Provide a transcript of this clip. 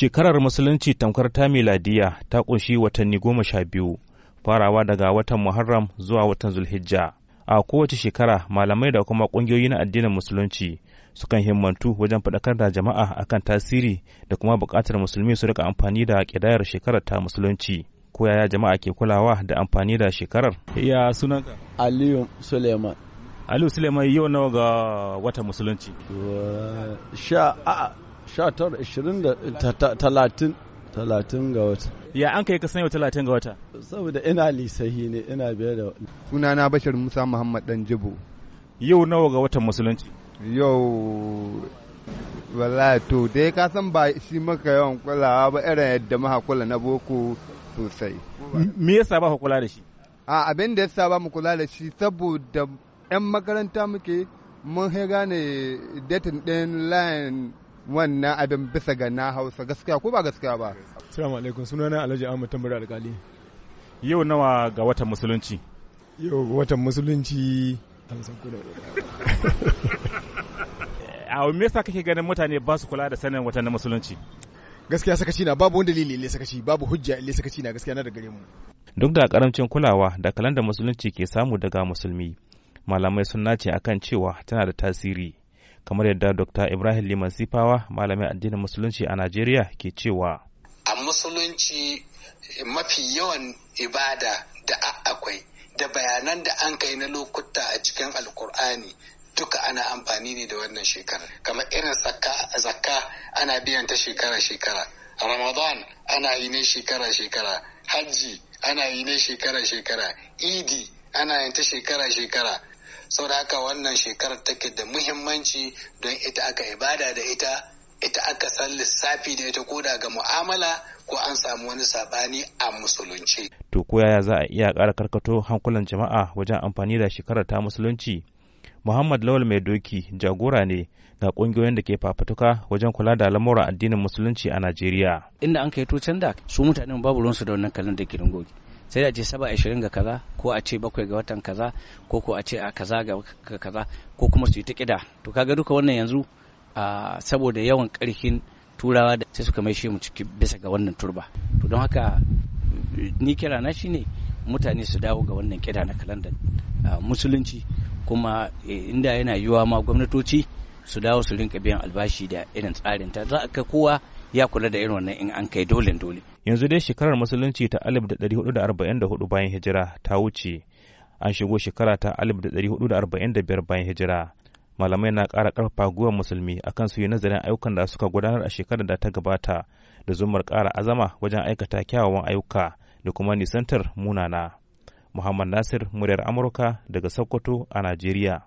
Shekarar Musulunci tamkar ta miladiya ta ƙunshi watanni goma sha biyu, farawa daga watan Muharram zuwa watan Zulhijja. A kowace shekara malamai da kuma ƙungiyoyi na addinin Musulunci sukan himmantu wajen faɗakar da jama'a akan tasiri da kuma buƙatar musulmi su rika amfani da ƙidayar shekarar ta Musulunci. Ko yaya jama'a ke kulawa da amfani da shekarar? Ya sunan Aliyu Suleiman. Aliyu Suleiman yau nawa ga watan Musulunci? Sha a'a 19 talatin ga wata. Ya an kai ka yau talatin ga wata? Saboda ina lisahi ne ina biyar da Suna na Bashir Musa Muhammad Dan Jibo. Yau nawa ga watan musulunci? Yau wallahi to dai ka san ba shi maka yawan kulawa ba irin yadda maha kula na boko sosai. Me yasa ba ka kula da shi? A abin da yasa ba mu kula da shi saboda 'yan makaranta muke mun gane datin ɗin layin wannan abin bisa ga na hausa gaskiya ko ba gaskiya ba salamu alaikum sunana alhaji ahmad tambar alkali yau nawa ga watan musulunci yau ga watan musulunci a me yasa kake ganin mutane ba su kula da sanin watan na musulunci gaskiya sakaci na babu wani dalili ne sakaci babu hujja ne sakaci na gaskiya na daga gare mu duk da karamcin kulawa da kalandar musulunci ke samu daga musulmi malamai sun nace akan cewa tana da tasiri kamar yadda dr ibrahim liman sifawa malamin addinin musulunci a najeriya ke cewa a musulunci mafi yawan ibada da akwai da bayanan da an kai na lokuta a cikin alkur'ani duka ana amfani ne da wannan shekarar kamar irin zakka ana biyan ta shekara-shekara ramadan ana yi ne shekara-shekara hajji ana yi ne shekara-shekara idi ana yin ta shekara-shekara saboda haka wannan shekarar take da muhimmanci don ita aka ibada da ita ita aka san lissafi da ita koda ga mu'amala ko an samu wani sabani a musulunci. To ko yaya za a iya ƙara karkato hankulan jama'a wajen amfani da shekarar ta musulunci? Muhammad Lawal Mai Doki jagora ne ga ƙungiyoyin da ke fafatuka wajen kula da lamuran addinin musulunci a Najeriya. Inda an kai to can da su mutanen babu ruwansu da wannan kalan da ke goge. sai da ce saba ashirin ga kaza ko a ce bakwai ga watan kaza ko ko a ce a kaza ga kaza ko kuma su yi ta kida to kaga duka wannan yanzu a saboda yawan karfin turawa da sai suka mai mu ciki bisa ga wannan turba to don haka ni kira na shine mutane su dawo ga wannan kira na kalandar musulunci kuma e, inda yana yiwuwa ma gwamnatoci su dawo su rinka biyan albashi da irin tsarin ta za a kai kowa ya kula da irin wannan in an kai dole dole yanzu dai shekarar musulunci ta 1444 bayan hijira ta wuce an shigo shekara ta 1445 bayan hijira malamai na ƙara ƙarfafa gwiwar musulmi akan su yi nazarin ayyukan da suka gudanar a shekarar da ta gabata da zumar ƙara azama wajen aikata kyawawan ayyuka da kuma nisantar munana muhammad nasir muryar amurka daga sokoto a najeriya